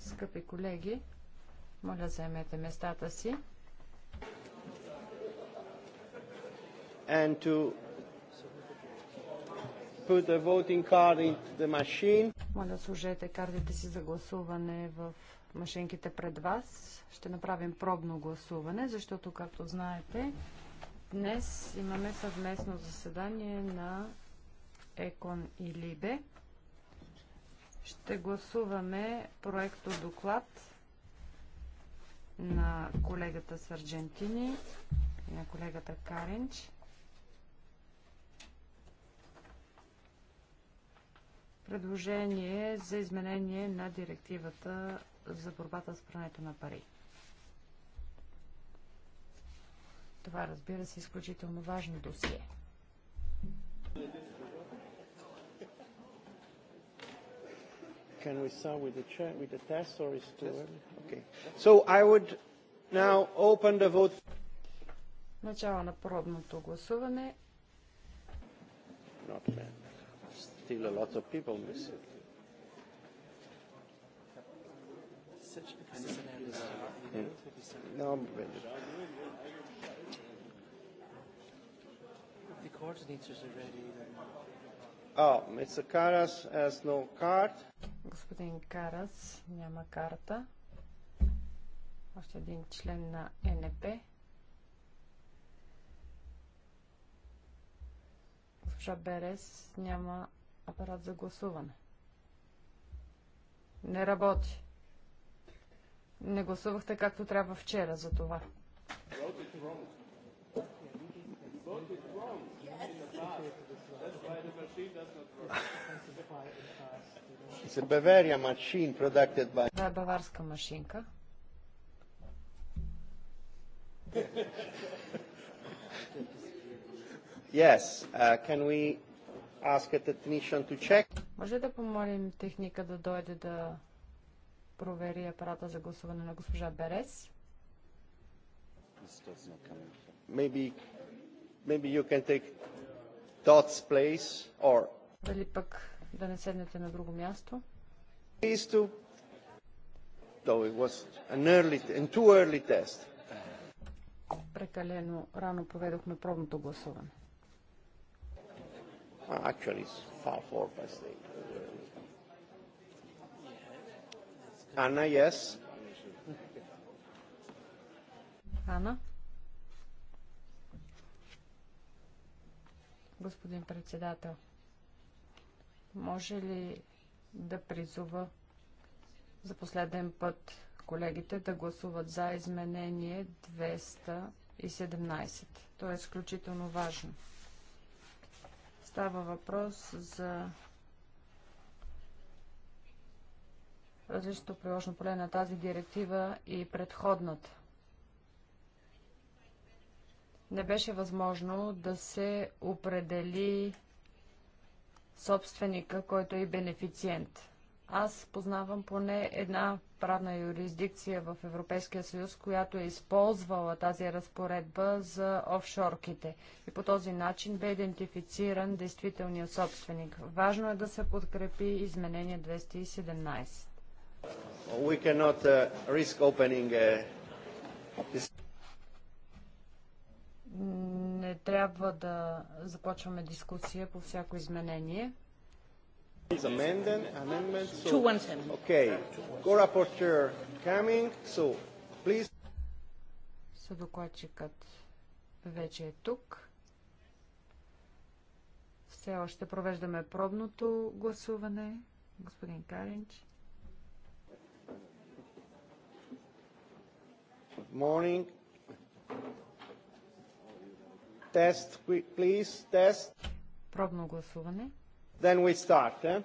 Скъпи колеги, моля заемете местата си. And to put the voting card the machine. Моля сложете картите си за гласуване в машинките пред вас. Ще направим пробно гласуване, защото, както знаете, днес имаме съвместно заседание на Екон и Либе. Ще гласуваме проекто доклад на колегата Сарджентини и на колегата Каренч. Предложение за изменение на директивата за борбата с прането на пари. Това разбира се е изключително важно досие. Can we start with the, check, with the test or is too early? Okay. So I would now open the vote. Начало на породното гласуване. Not bad. Still a lot of people missing. No, but the coordinators are ready. Oh, has no card. Господин Карас няма карта. Още един член на НП. Госпожа Берес няма апарат за гласуване. Не работи. Не гласувахте както трябва вчера за това. Voted wrong. Voted wrong. It's a Bavaria machine produced by... Това е баварска машинка. Yes, uh, can we ask a technician to check? Може да помолим техника да дойде да провери апарата за гласуване на госпожа Берес? Maybe, maybe you can take Dot's place or... Дали пък да не седнете на друго място? To... Though it was an early, and too early test. Прекалено рано проведохме пробното гласуване. Actually, it's far four past eight. Anna, yes? Anna? господин председател. Може ли да призова за последен път колегите да гласуват за изменение 217? То е изключително важно. Става въпрос за различното приложно поле на тази директива и предходната не беше възможно да се определи собственика, който е бенефициент. Аз познавам поне една правна юрисдикция в Европейския съюз, която е използвала тази разпоредба за офшорките. И по този начин бе идентифициран действителният собственик. Важно е да се подкрепи изменение 217 не трябва да започваме дискусия по всяко изменение. Съдокладчикът вече е тук. Все още провеждаме пробното гласуване. Господин Каринч. Morning. Тест, please, тест. Пробно гласуване. Then we start, eh?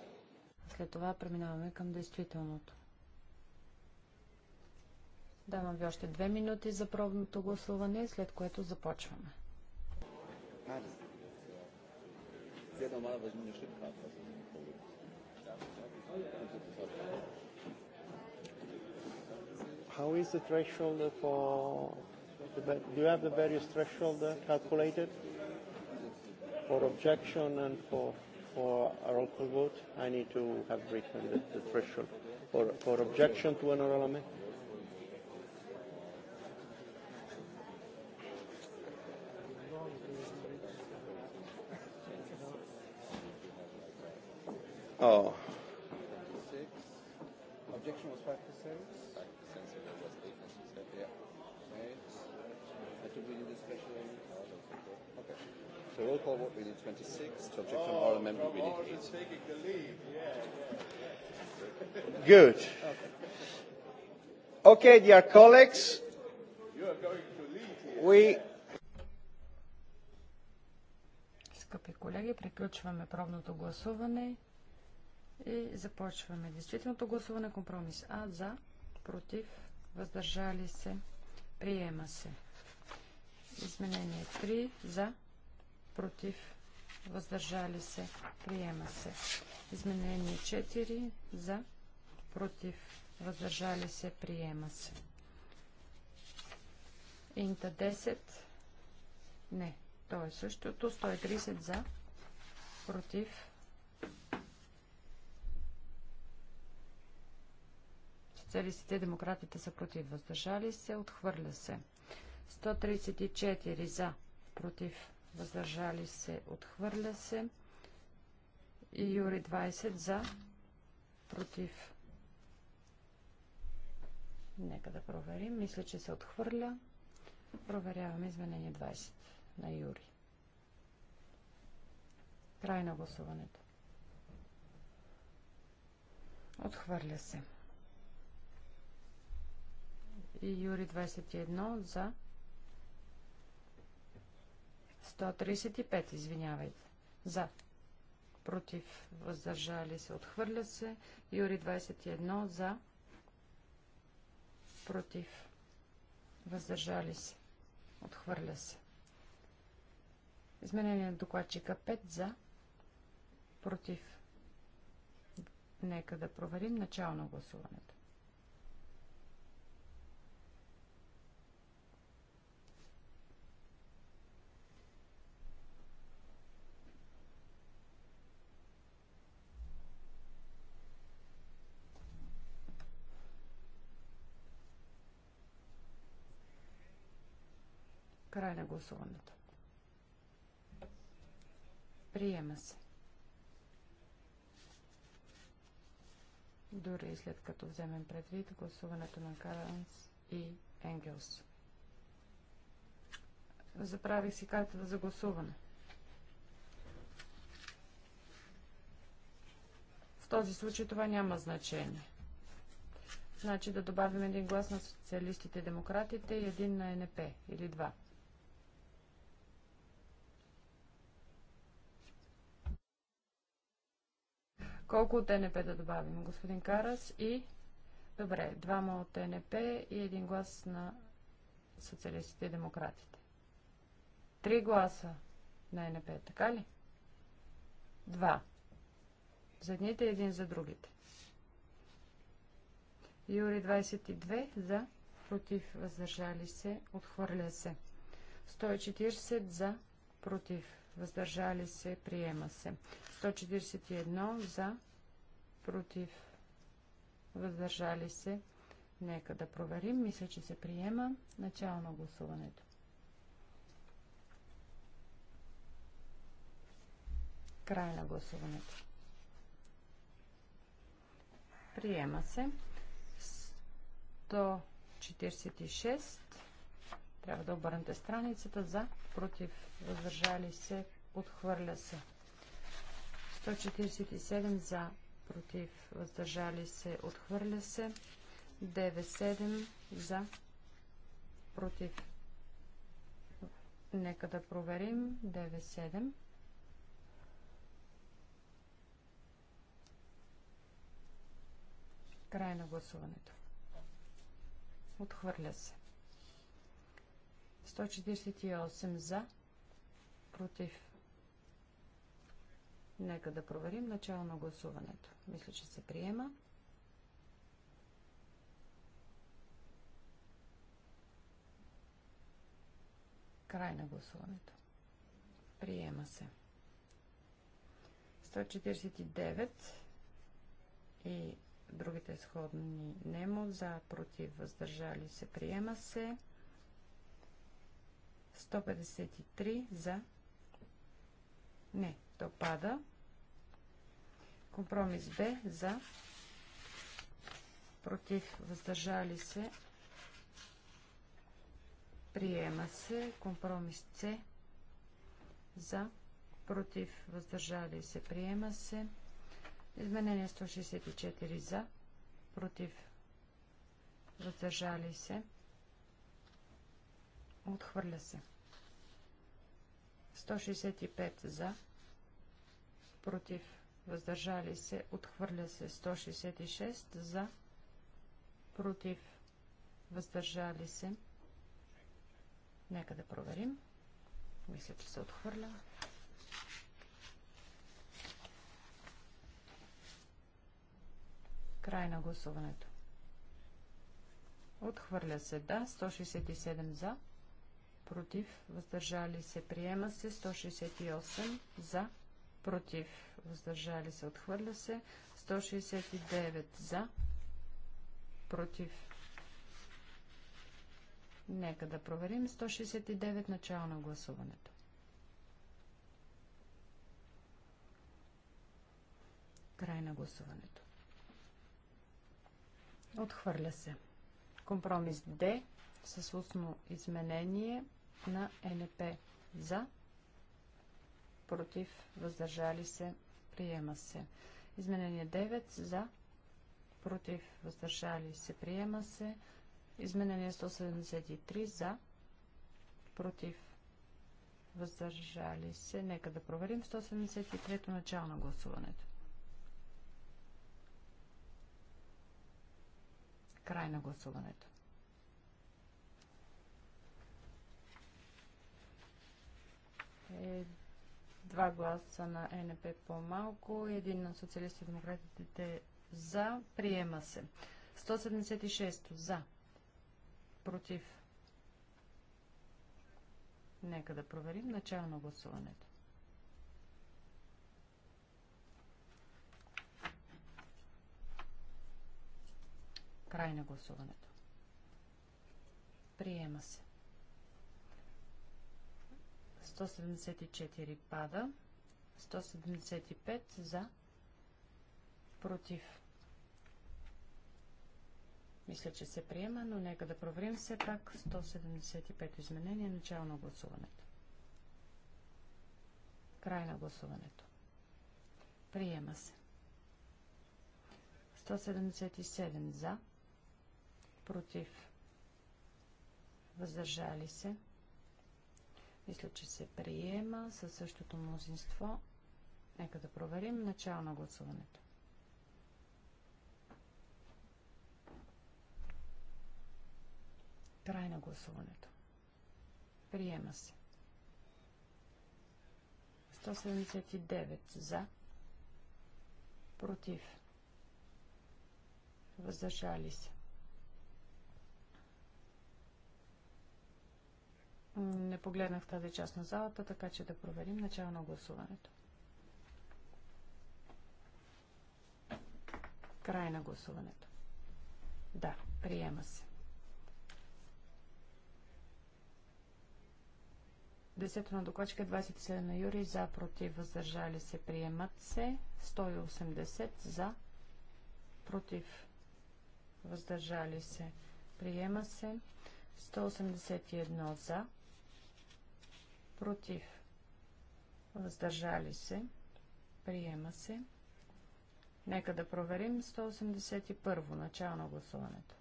След това преминаваме към действителното. Давам ви още две минути за пробното гласуване, след което започваме. How is the threshold for Do you have the various threshold calculated for objection and for for a roll call vote? I need to have written the, the threshold for for objection to an oral amendment. Oh. For roll call vote, we need 26. To object to an oral amendment, we need 8. the lead. Yeah, Good. Okay, dear colleagues. You are going to lead here. We Скъпи колеги, приключваме пробното гласуване и започваме действителното гласуване. Компромис А за, против, въздържали се, приема се. Изменение 3 за, против, въздържали се, приема се. Изменение 4 за, против, въздържали се, приема се. Инта 10, не, то е същото, 130 за, против, Социалистите и демократите са против. Въздържали се. Отхвърля се. 134 за. Против въздържали се, отхвърля се. И Юри 20 за, против. Нека да проверим. Мисля, че се отхвърля. Проверяваме изменение 20 на Юри. Край на гласуването. Отхвърля се. И Юри 21 за, 135, извинявайте. За. Против. Въздържали се. Отхвърля се. Юри 21. За. Против. Въздържали се. Отхвърля се. Изменение на докладчика 5. За. Против. Нека да проверим начало на гласуването. на гласуването. Приема се. Дори след като вземем предвид гласуването на Каранс и Енгелс. Заправих си картата за гласуване. В този случай това няма значение. Значи да добавим един глас на социалистите и демократите и един на НП или два. Колко от НП да добавим? Господин Карас и... Добре, двама от НП и един глас на социалистите и демократите. Три гласа на НП, така ли? Два. За едните и един за другите. Юри 22 за, против, въздържали се, отхвърля се. 140 за, против, въздържали се, приема се. 141 за, против, въздържали се. Нека да проверим. Мисля, че се приема. Начало на гласуването. Край на гласуването. Приема се. 146 трябва да обърнете страницата за, против, въздържали се, отхвърля се. 147 за, против, въздържали се, отхвърля се. 97 за, против. Нека да проверим. 97. Край на гласуването. Отхвърля се. 148 за, против. Нека да проверим начало на гласуването. Мисля, че се приема. Край на гласуването. Приема се. 149 и другите сходни немо за, против, въздържали се, приема се. 153 за. Не, то пада. Компромис Б за. Против, въздържали се. Приема се. Компромис С за. Против, въздържали се. Приема се. Изменение 164 за. Против, въздържали се. Отхвърля се. 165 за. Против. Въздържали се. Отхвърля се. 166 за. Против. Въздържали се. Нека да проверим. Мисля, че се отхвърля. Край на гласуването. Отхвърля се да, 167 за, против, въздържали се, приема се. 168 за, против, въздържали се, отхвърля се. 169 за, против. Нека да проверим 169 начало на гласуването. Край на гласуването. Отхвърля се. Компромис Д с устно изменение на НП. За. Против. Въздържали се. Приема се. Изменение 9. За. Против. Въздържали се. Приема се. Изменение 173. За. Против. Въздържали се. Нека да проверим 173-то начало на гласуването. Край на гласуването. е два гласа на НП по-малко, един на социалисти и демократите за. Приема се. 176 за. Против. Нека да проверим начало на гласуването. Край на гласуването. Приема се. 174 пада. 175 за. Против. Мисля, че се приема, но нека да проверим все пак 175 изменение, начало на гласуването. Край на гласуването. Приема се. 177 за. Против. Въздържали се. Мисля, че се приема със същото мнозинство. Нека да проверим начало на гласуването. Край на гласуването. Приема се. 179 за. Против. Въздържали се. Не погледнах тази част на залата, така че да проверим начало на гласуването. Край на гласуването. Да, приема се. Десето на докладчика 27 е на Юри за, против, въздържали се, приемат се. 180 за, против, въздържали се, приема се. 181 за, против, въздържали се, приема се. Нека да проверим 181 начало на гласуването.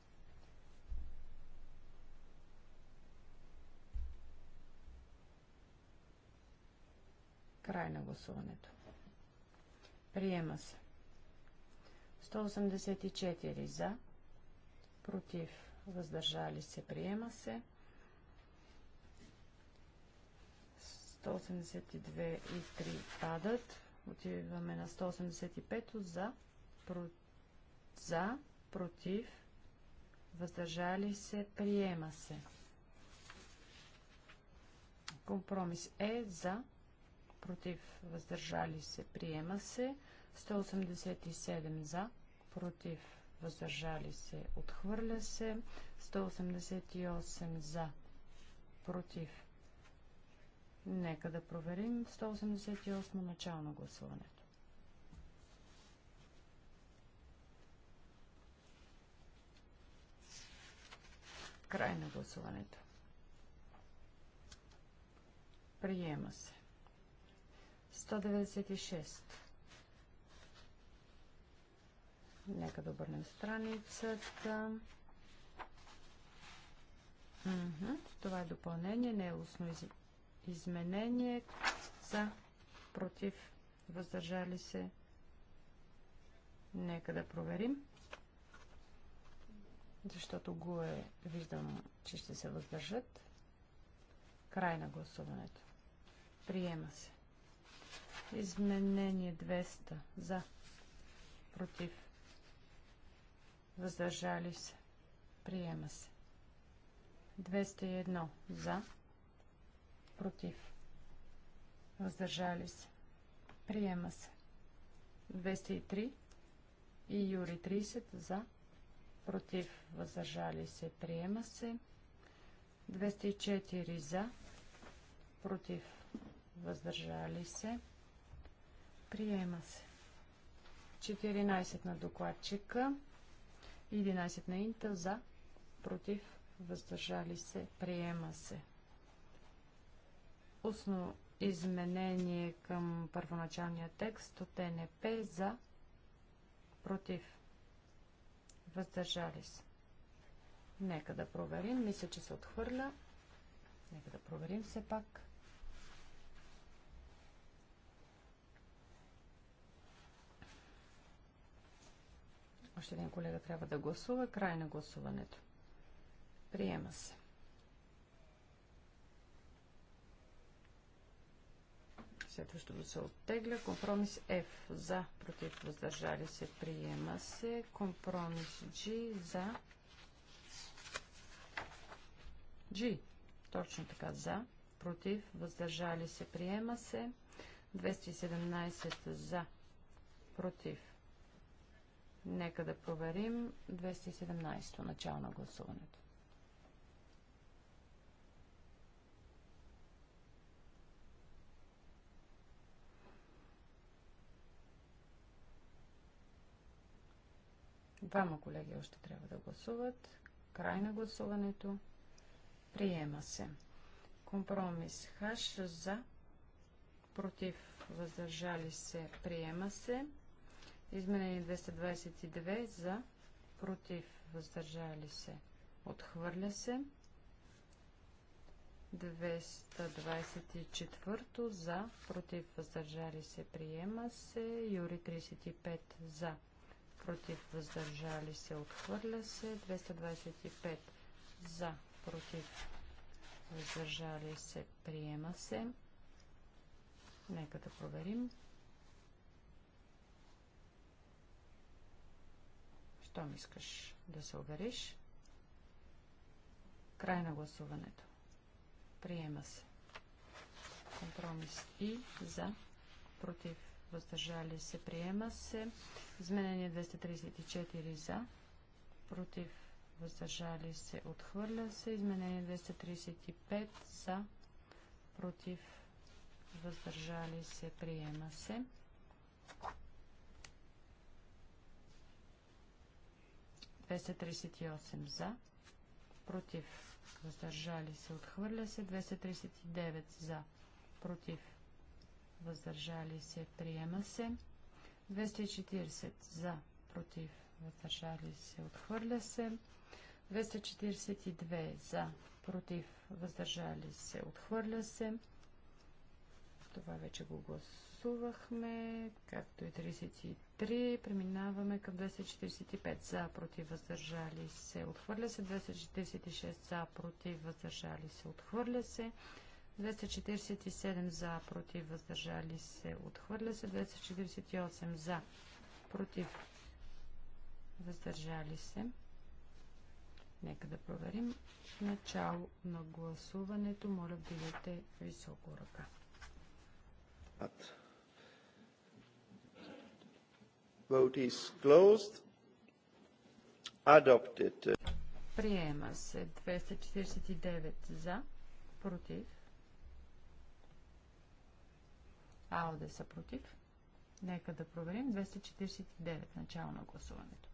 Край на гласуването. Приема се. 184 за, против, въздържали се, приема се. 182 и 3 падат. Отиваме на 185 за, про, за, против, въздържали се, приема се. Компромис е за, против, въздържали се, приема се. 187 за, против, въздържали се, отхвърля се. 188 за, против, Нека да проверим 188 начало на гласуването. Край на гласуването. Приема се. 196. Нека да обърнем страницата. Това е допълнение, не е устно изменение за против въздържали се. Нека да проверим. Защото го е, виждам, че ще се въздържат. Край на гласуването. Приема се. Изменение 200 за против въздържали се. Приема се. 201 за против, въздържали се, приема се. 203 и Юри 30 за, против, въздържали се, приема се. 204 за, против, въздържали се, приема се. 14 на докладчика, 11 на Инта за, против, въздържали се, приема се. Устно изменение към първоначалния текст от НП за против. Въздържали се. Нека да проверим. Мисля, че се отхвърля. Нека да проверим все пак. Още един колега трябва да гласува. Край на гласуването. Приема се. Следващото се оттегля. Компромис F за, против, въздържали се, приема се. Компромис G за. G. Точно така за, против, въздържали се, приема се. 217 за, против. Нека да проверим 217 начало на гласуването. Двама колеги още трябва да гласуват. Край на гласуването. Приема се. Компромис Хаш за. Против. Въздържали се. Приема се. Изменение 222 за. Против. Въздържали се. Отхвърля се. 224 за. Против. Въздържали се. Приема се. Юри 35 за против, въздържали се, отхвърля се. 225 за, против, въздържали се, приема се. Нека да проверим. Щом искаш да се увериш. Край на гласуването. Приема се. Компромис и за, против, въздържали се, приема се. Изменение 234 за, против, въздържали се, отхвърля се. Изменение 235 за, против, въздържали се, приема се. Двеста за, против, въздържали се, отхвърля се. 239 за, против, въздържали се, приема се. 240 за, против, въздържали се, отхвърля се. 242 за, против, въздържали се, отхвърля се. Това вече го гласувахме, както и 33. Преминаваме към 245 за, против, въздържали се, отхвърля се. 246 за, против, въздържали се, отхвърля се. 247 за, против, въздържали се, отхвърля се. 248 за, против, въздържали се. Нека да проверим. Начало на гласуването. Моля, бидете високо ръка. Vote is closed. Adopted. Приема се 249 за, против, АОД са против. Нека да проверим. 249. Начало на гласуването.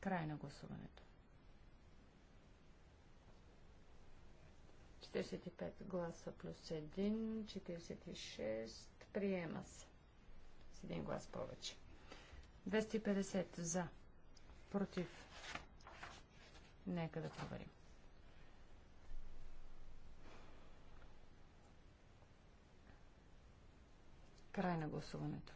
Край на гласуването. 45 гласа плюс 1, 46. Приема се. С един глас повече. 250 за. Против. Нека да проверим. Край на гласуването.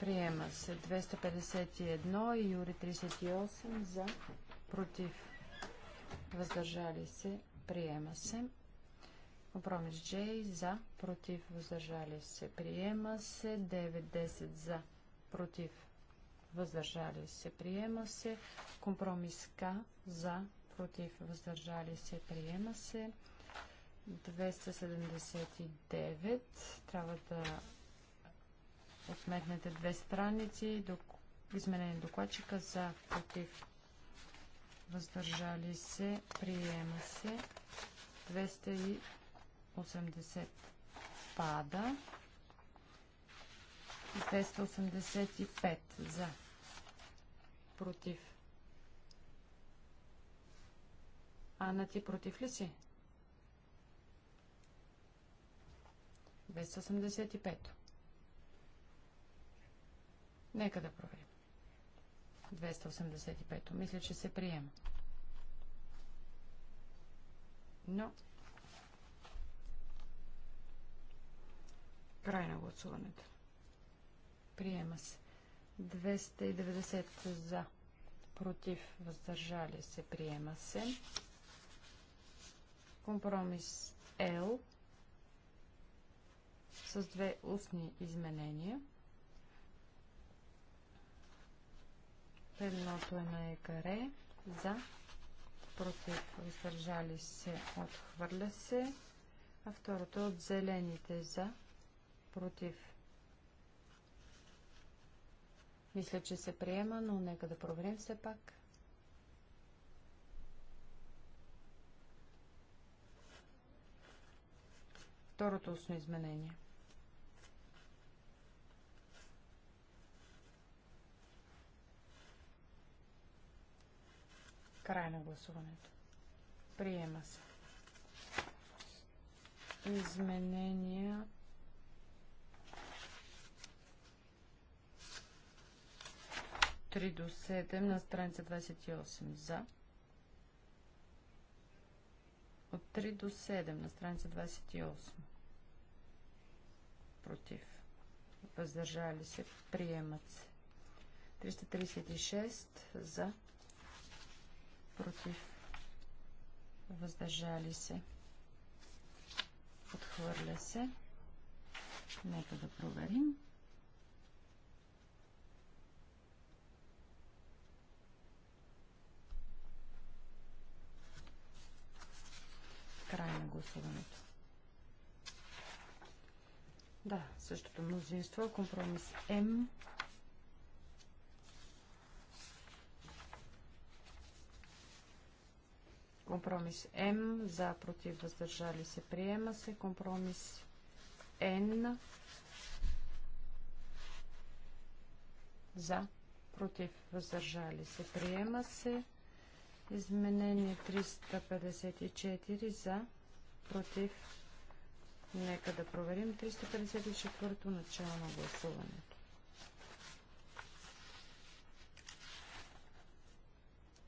Приема се 251 и Юри 38 за против. Въздържали се. Приема се. Компромис J за против. Въздържали се. Приема се 9-10 за против. Въздържали се. Приема се. Компромис К за против. Въздържали се. Приема се. 279. Трябва да отметнете две страници. изменение докладчика за против въздържали се, приема се. 280 пада. 285 за против. Ана, ти против ли си? 285. Нека да проверим. 285. Мисля, че се приема. Но. Край на гласуването. Приема се. 290 за. Против. Въздържали се. Приема се. Компромис L с две устни изменения. Едното е на екаре за против въздържали се отхвърля се, а второто е от зелените за против. Мисля, че се приема, но нека да проверим все пак. Второто устно изменение. Край на гласуването. Приема се. Изменения. Три до 7 на страница 28 за. От 3 до 7 на страница 28. Против. Въздържали се. Приемат се. 336 за против, въздържали се, отхвърля се. Нека да проверим. Край на гласуването. Да, същото мнозинство. Компромис М Компромис М за против въздържали се приема се. Компромис Н за против въздържали се приема се. Изменение 354 за против. Нека да проверим 354 то начало на гласуването.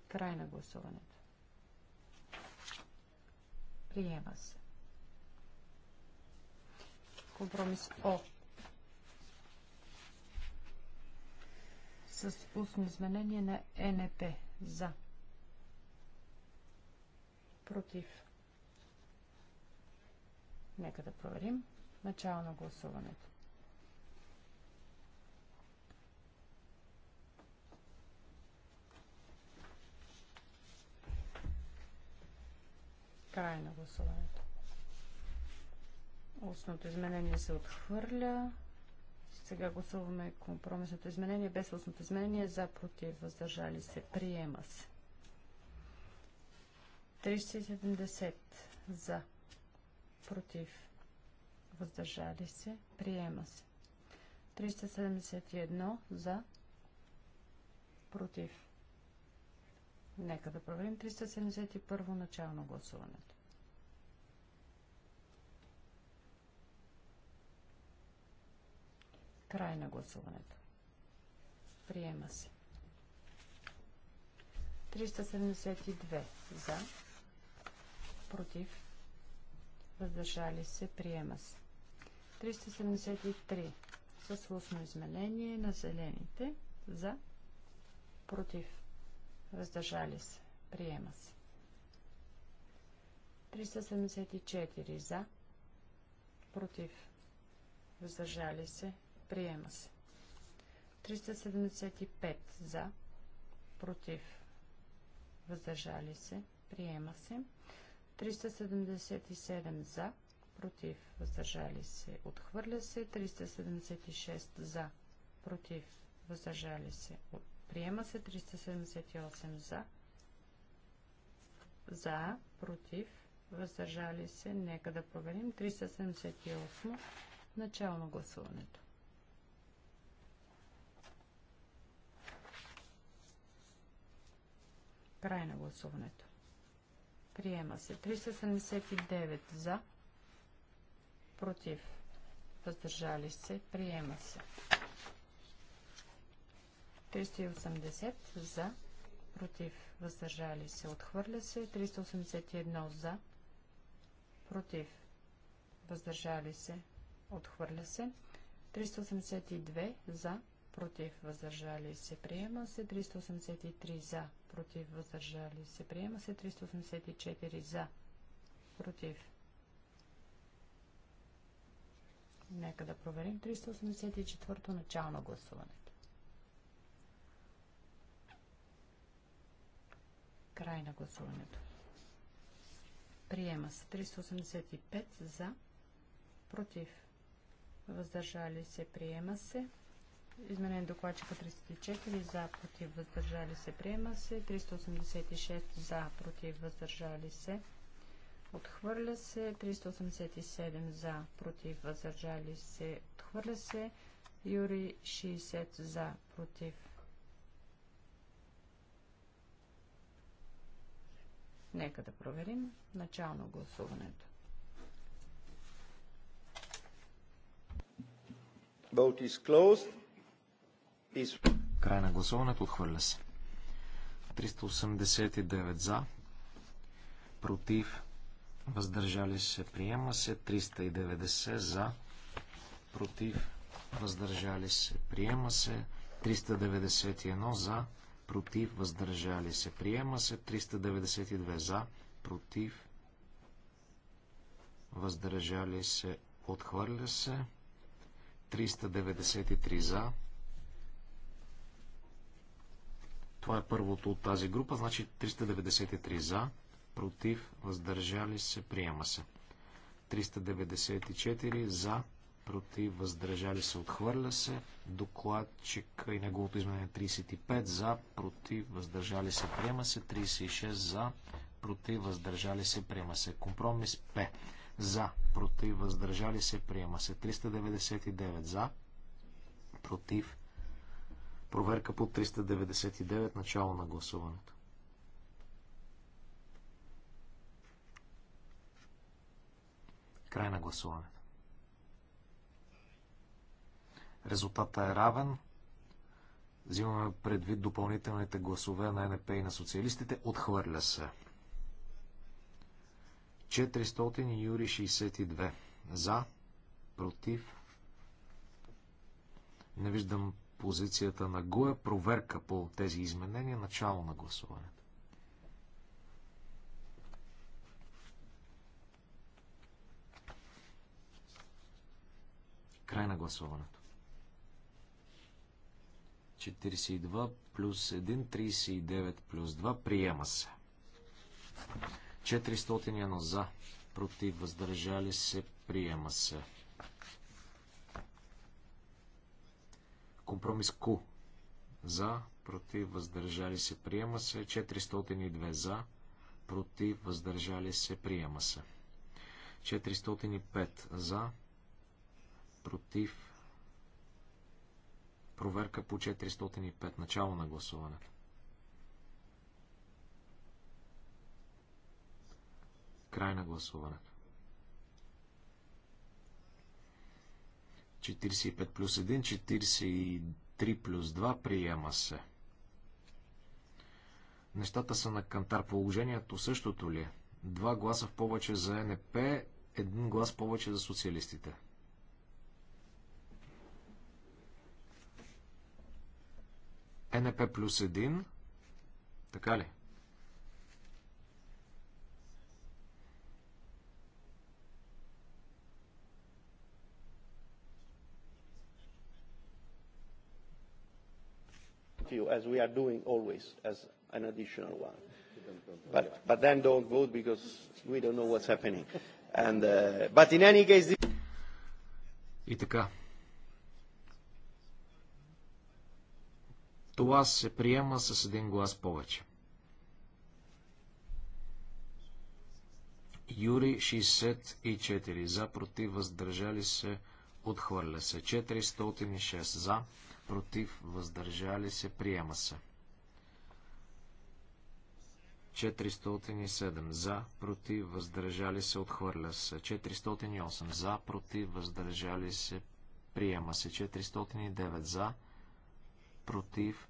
Край на гласуването. Приема се. Компромис О. С устно изменение на НП. За. Против. Нека да проверим. Начало на гласуването. Край на гласуването. Устното изменение се отхвърля. Сега гласуваме компромисното изменение. Без устното изменение за против въздържали се. Приема се. 370 за против въздържали се. Приема се. 371 за против. Нека да проверим 371 начално гласуването. Край на гласуването. Приема се. 372 за, против, въздържали се, приема се. 373 с устно изменение на зелените за, против, въздържали се, приема се. 374 за, против, въздържали се, Приема се. 375 за. Против. Въздържали се. Приема се. 377 за. Против. Въздържали се. Отхвърля се. 376 за. Против. Въздържали се. Приема се. 378 за. За. Против. Въздържали се. Нека да проверим. 378. Начало на гласуването. Край на гласуването. Приема се. 379 за. Против. Въздържали се. Приема се. 380 за. Против. Въздържали се. Отхвърля се. 381 за. Против. Въздържали се. Отхвърля се. 382 за против, въздържали се, приема се 383 за, против, въздържали се, приема се 384 за, против. Нека да проверим 384-то начално гласуването. Край на гласуването. Приема се 385 за, против, въздържали се, приема се 384 Изменен докладчика 34 за против въздържали се приема се. 386 за против въздържали се. Отхвърля се. 387 за против въздържали се. Отхвърля се. Юри 60 за против. Нека да проверим начално гласуването. Vote is closed. Край на гласуването. Отхвърля се. 389 за. Против. Въздържали се. Приема се. 390 за. Против. Въздържали се. Приема се. 391 за. Против. Въздържали се. Приема се. 392 за. Против. Въздържали се. Отхвърля се. 393 за Това е първото от тази група, значи 393 за, против, въздържали се, приема се. 394 за, против, въздържали се, отхвърля се. Докладчик и неговото изменение 35 за, против, въздържали се, приема се. 36 за, против, въздържали се, приема се. Компромис П. За, против, въздържали се, приема се. 399 за, против, Проверка по 399, начало на гласуването. Край на гласуването. Резултата е равен. Взимаме предвид допълнителните гласове на НП и на социалистите. Отхвърля се. 400 юри 62. За. Против. Не виждам позицията на Гоя проверка по тези изменения, начало на гласуването. Край на гласуването. 42 плюс 1, 39 плюс 2, приема се. 401 за, против, въздържали се, приема се. Компромис Q. За, против, въздържали се, приема се. 402 за, против, въздържали се, приема се. 405 за, против, проверка по 405, начало на гласуването. Край на гласуването. 45 плюс 1, 43 плюс 2 приема се. Нещата са на кантар. Положението същото ли е? Два гласа в повече за НП, един глас повече за социалистите. НП плюс 1. Така ли? you, as we are doing always, as an additional one. But, but then don't vote because we don't know what's happening. And, uh, but in any case... This... И така. Това се приема с един глас повече. Юри 64 за, против, въздържали се, отхвърля се. 406 за против, въздържали се, приема се. 407 за, против, въздържали се, отхвърля се. 408 за, против, въздържали се, приема се. 409 за, против,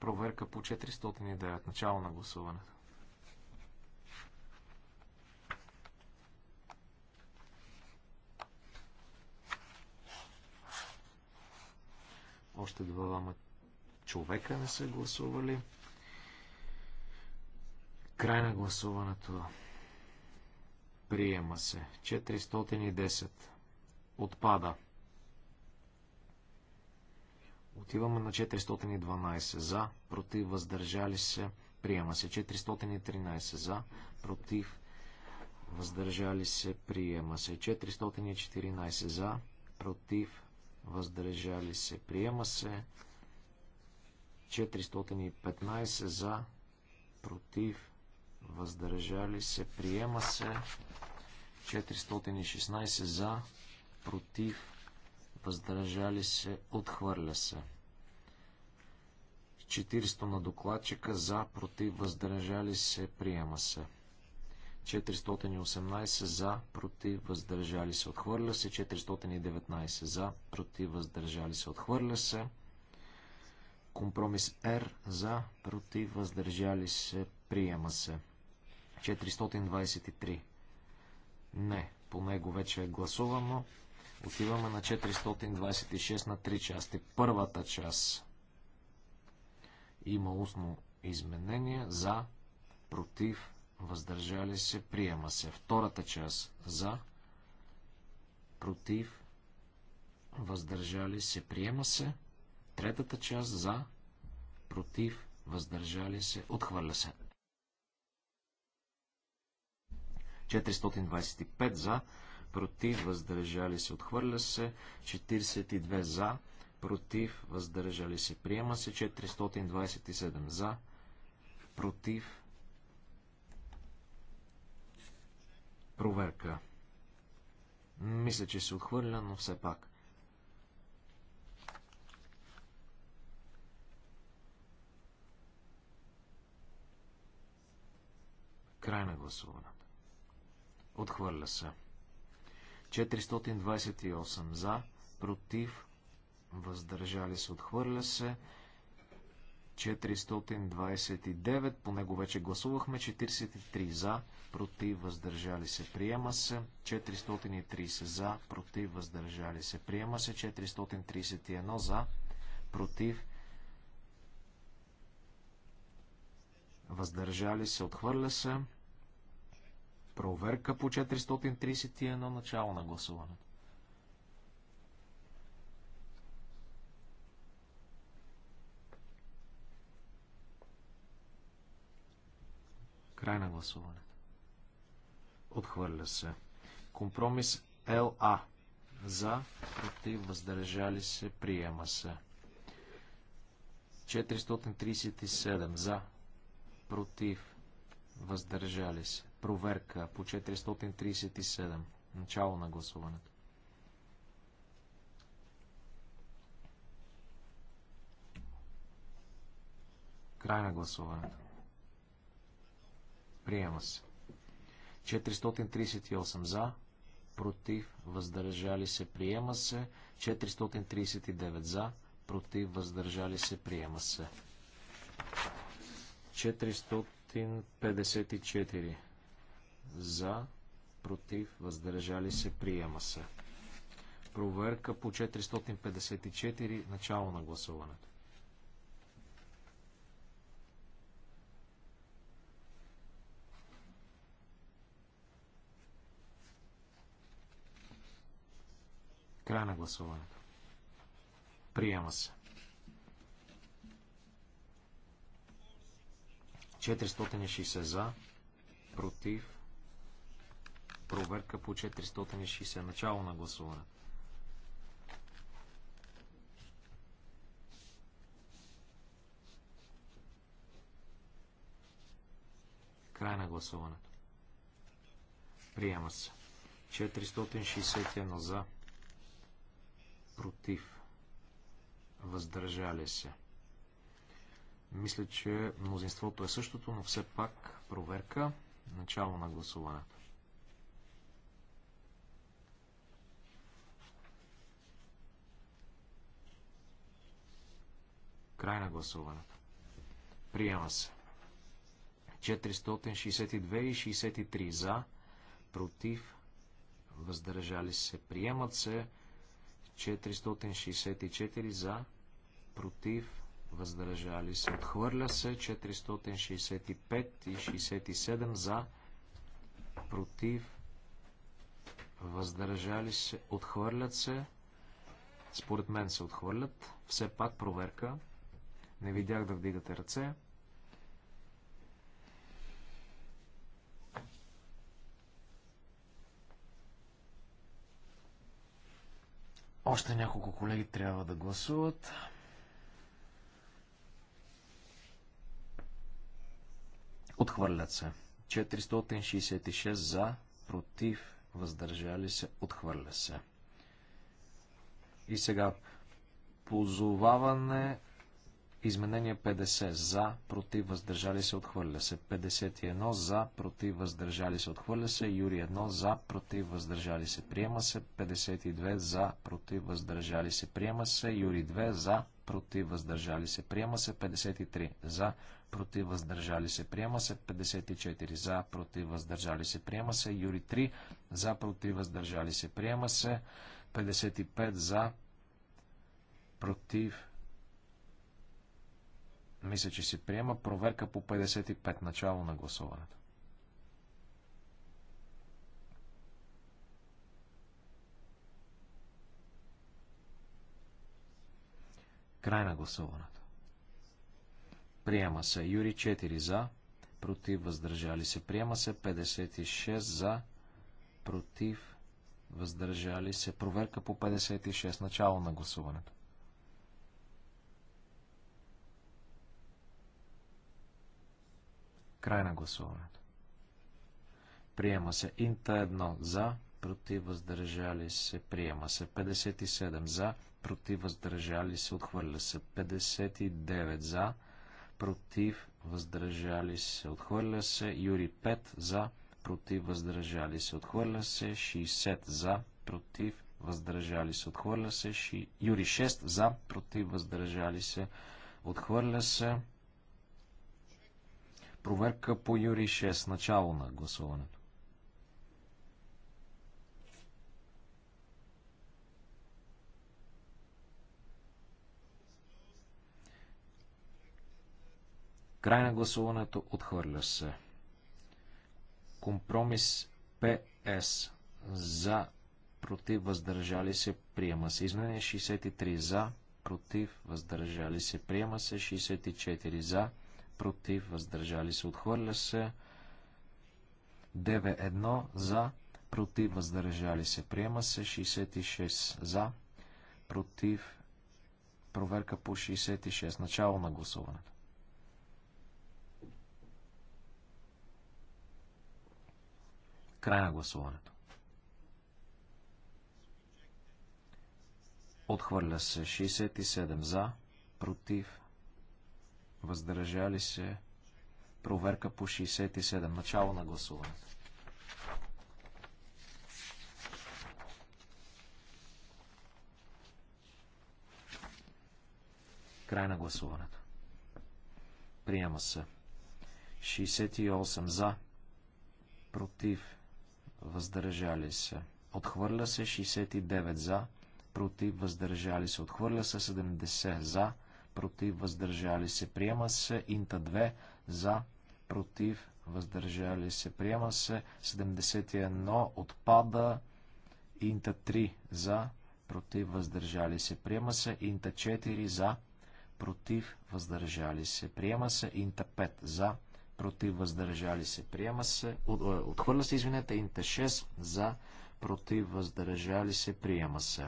проверка по 409, начало на гласуването. Още двама човека не са гласували. Край на гласуването. Приема се. 410. Отпада. Отиваме на 412 за, против, въздържали се, приема се. 413 за, против, въздържали се, приема се. 414 за, против, въздържали се, приема се. 415 за, против, въздържали се, приема се. 416 за, против, въздържали се, отхвърля се. 400 на докладчика за, против, въздържали се, приема се. 418 за, против, въздържали се, отхвърля се. 419 за, против, въздържали се, отхвърля се. Компромис R за, против, въздържали се, приема се. 423. Не, по него вече е гласувано. Отиваме на 426 на 3 части. Първата част има устно изменение за, против, въздържали се, приема се. Втората част за, против, въздържали се, приема се. Третата част за, против, въздържали се, отхвърля се. 425 за, против, въздържали се, отхвърля се, 42 за, против, въздържали се, приема се, 427 за, против, Проверка. Мисля, че се отхвърля, но все пак. Край на гласуването. Отхвърля се. 428 за, против, въздържали се, отхвърля се. 429, по него вече гласувахме, 43 за, против, въздържали се, приема се, 430 за, против, въздържали се, приема се, 431 за, против, въздържали се, отхвърля се, проверка по 431, начало на гласуването. Край на гласуването. Отхвърля се. Компромис ЛА. За, против, въздържали се, приема се. 437 за, против, въздържали се. Проверка по 437. Начало на гласуването. Край на гласуването. Приема се. 438 за, против, въздържали се, приема се. 439 за, против, въздържали се, приема се. 454 за, против, въздържали се, приема се. Проверка по 454, начало на гласуването. Край на гласуването. Приема се. 460 за, против, проверка по 460, начало на гласуване. Край на гласуването. Приема се. 461 за, против, въздържали се. Мисля, че мнозинството е същото, но все пак проверка начало на гласуването. Край на гласуването. Приема се. 462 и 63 за, против, въздържали се. Приемат се 464 за, против, въздържали се. Отхвърля се 465 и 67 за, против, въздържали се. Отхвърлят се. Според мен се отхвърлят. Все пак проверка. Не видях да вдигате ръце. Още няколко колеги трябва да гласуват. Отхвърлят се. 466 за, против, въздържали се, отхвърля се. И сега, позоваване Изменение 50 за, против, въздържали се, отхвърля се. 51 за, против, въздържали се, отхвърля се. Юри 1 за, против, въздържали се, приема се. 52 за, против, въздържали се, приема се. Юри 2 за, против, въздържали се, приема се. 53 за, против, въздържали се, приема се. 54 за, против, въздържали се, приема се. Юри 3 за, против, въздържали се, приема се. 55 за, против, мисля, че се приема проверка по 55. Начало на гласуването. Край на гласуването. Приема се Юри 4 за, против въздържали се. Приема се 56 за, против въздържали се. Проверка по 56. Начало на гласуването. Край на гласуването. Приема се Инта 1 за, против въздържали се. Приема се 57 за, против въздържали се. Отхвърля се 59 за, против въздържали се. Отхвърля се Юри 5 за, против въздържали се. Отхвърля се 60 за, против въздържали се. Отхвърля се Юри 6 за, против въздържали се. Отхвърля се Проверка по Юри 6. Начало на гласуването. Край на гласуването отхвърля се. Компромис ПС за против въздържали се приема се. Изменение 63 за против въздържали се приема се. 64 за против, въздържали се, отхвърля се. 9.1 за, против, въздържали се, приема се. 66 за, против, проверка по 66, начало на гласуването. Край на гласуването. Отхвърля се 67 за, против, въздържали се, проверка по 67, начало на гласуването. Край на гласуването. Приема се. 68 за, против, въздържали се. Отхвърля се 69 за, против, въздържали се. Отхвърля се 70 за, против, въздържали се, приема се. Инта 2 за, против, въздържали се, приема се. 71 отпада. Инта 3 за, против, въздържали се, приема се. Инта 4 за, против, въздържали се, приема се. Инта 5 за, против, въздържали се, приема се. Е, отхвърля се, извинете, Инта 6 за, против, въздържали се, приема се.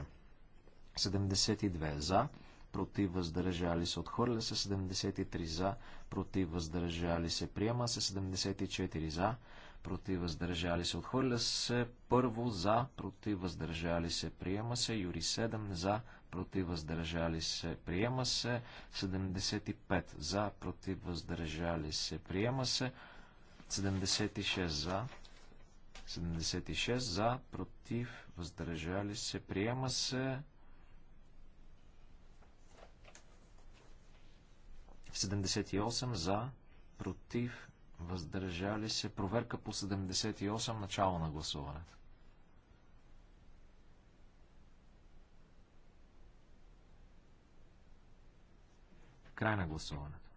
72 за, против въздържали се, отхвърля се 73 за, против въздържали се, приема се 74 за, против въздържали се, отхвърля се първо за, против въздържали се, приема се, юри 7 за, против въздържали се, приема се, 75 за, против въздържали се, приема се, 76 за, 76 за, против въздържали се, приема се, 78 за, против, въздържали се. Проверка по 78, начало на гласуването. Край на гласуването.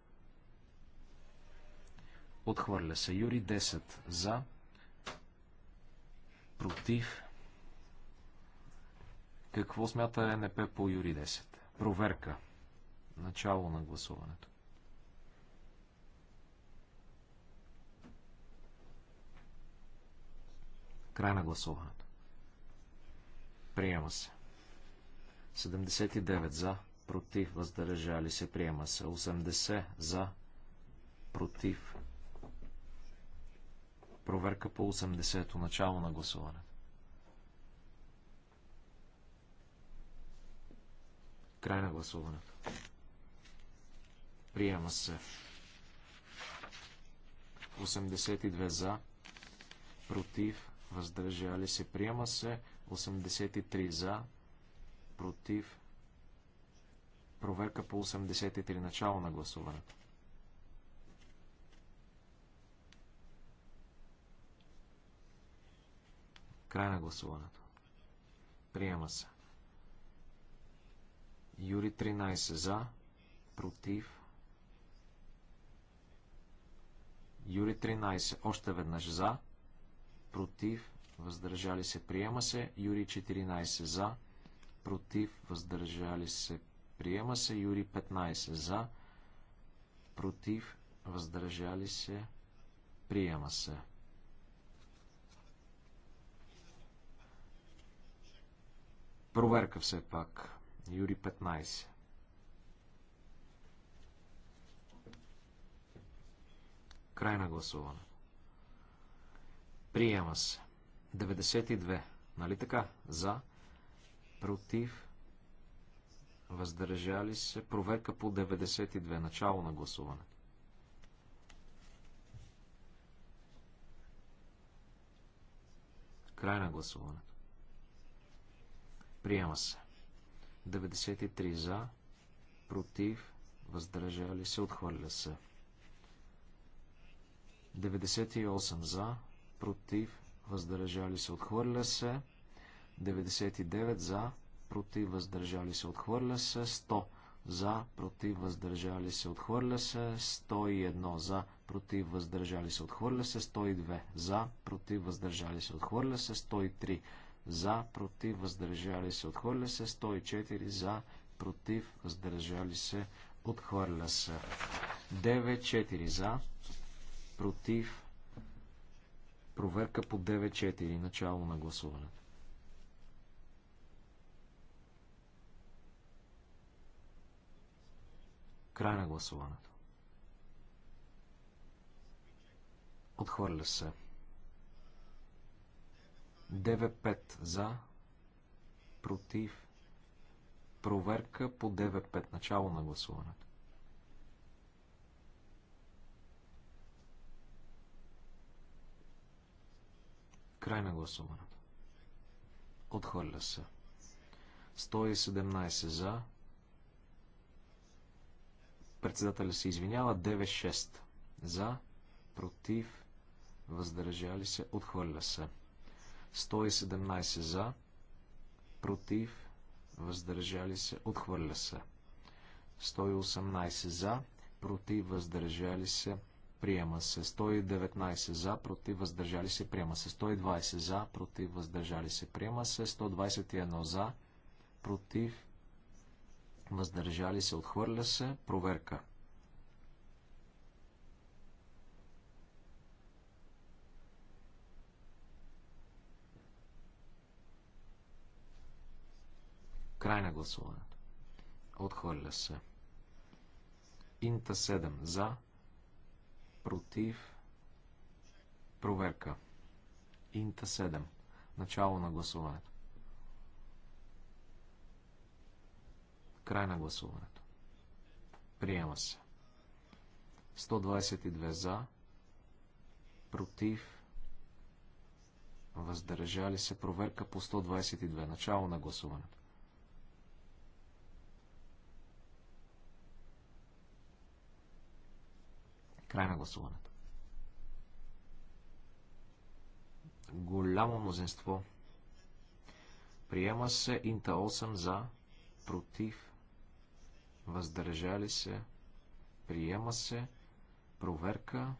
Отхвърля се. Юри 10 за, против. Какво смята НП по Юри 10? Проверка. Начало на гласуването. Край на гласуването. Приема се. 79 за, против, въздържали се, приема се. 80 за, против. Проверка по 80-то, начало на гласуване. Край на гласуването. Приема се. 82 за, против, въздържали се, приема се. 83 за, против. Проверка по 83. Начало на гласуването. Край на гласуването. Приема се. Юри 13 за, против. Юри 13 още веднъж за, против, въздържали се, приема се. Юри 14 за, против, въздържали се, приема се. Юри 15 за, против, въздържали се, приема се. Проверка все пак. Юри 15. Край на гласуване. Приема се. 92. Нали така? За. Против. Въздържали се. Проверка по 92. Начало на гласуване. Край на гласуването. Приема се. 93 за. Против. Въздържали се. Отхвърля се. 98 за против, въздържали се, отхвърля се. 99 за, против, въздържали се, отхвърля се. 100 за, против, въздържали се, отхвърля се. 101 за, против, въздържали се, отхвърля се. 102 за, против, въздържали се, отхвърля се. 103 за, против, въздържали се, отхвърля се. 104 за, против, въздържали се, отхвърля се. 9-4 за, против, Проверка по 9.4. Начало на гласуването. Край на гласуването. Отхвърля се. 9.5 за. Против. Проверка по 9.5. Начало на гласуването. Край на гласуването. Отхвърля се. 117 за. Председателя се извинява. 9-6 за. Против. Въздържали се. Отхвърля се. 117 за. Против. Въздържали се. Отхвърля се. 118 за. Против. Въздържали се приема се 119 за, против въздържали се, приема се 120 за, против въздържали се, приема се 121 за, против въздържали се, отхвърля се, проверка. Край на гласуването. Отхвърля се. Инта 7 за, против, проверка. Инта 7. Начало на гласуването. Край на гласуването. Приема се. 122 за, против, въздържали се. Проверка по 122. Начало на гласуването. Край на гласуването. Голямо мнозинство. Приема се Инта 8 за, против, въздържали се, приема се, проверка.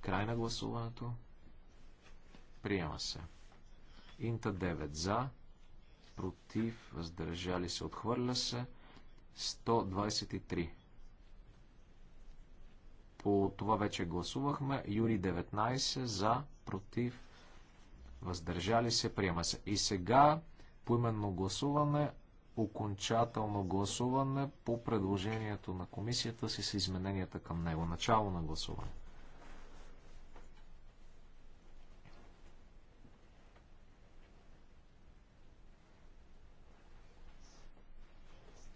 Край на гласуването. Приема се. Инта 9 за, против, въздържали се, отхвърля се. 123. По това вече гласувахме. Юри 19 за, против, въздържали се, приема се. И сега поименно гласуване, окончателно гласуване по предложението на комисията си с измененията към него. Начало на гласуване.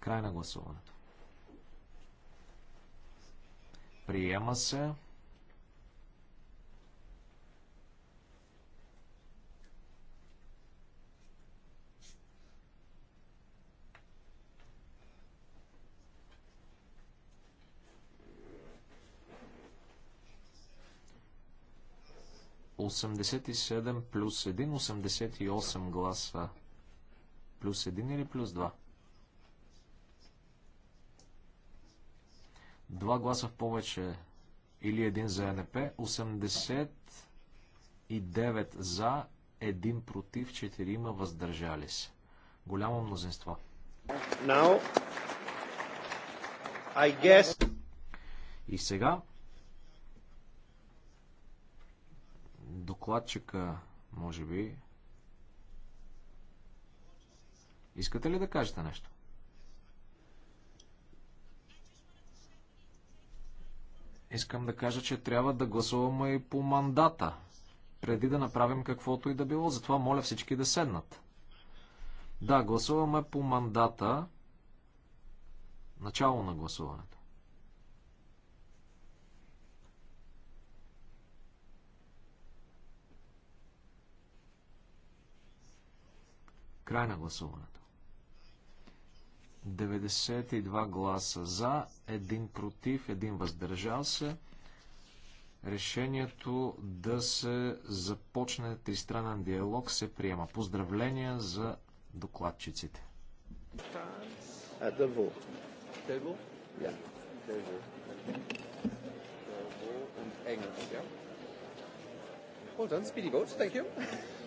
Край на гласуването. Приема се. Осемдесет и седем плюс един, осемдесет и осем гласа. Плюс един или плюс два? Два гласа в повече или един за НП. 89 за, един против, 4 има въздържали се. Голямо мнозинство. Now, I guess... И сега докладчика, може би. Искате ли да кажете нещо? Искам да кажа, че трябва да гласуваме и по мандата, преди да направим каквото и да било. Затова моля всички да седнат. Да, гласуваме по мандата. Начало на гласуването. Край на гласуването. 92 гласа за, 1 против, 1 въздържал се. Решението да се започне тристранен диалог се приема. Поздравления за докладчиците. Well done, speedy boat, thank you.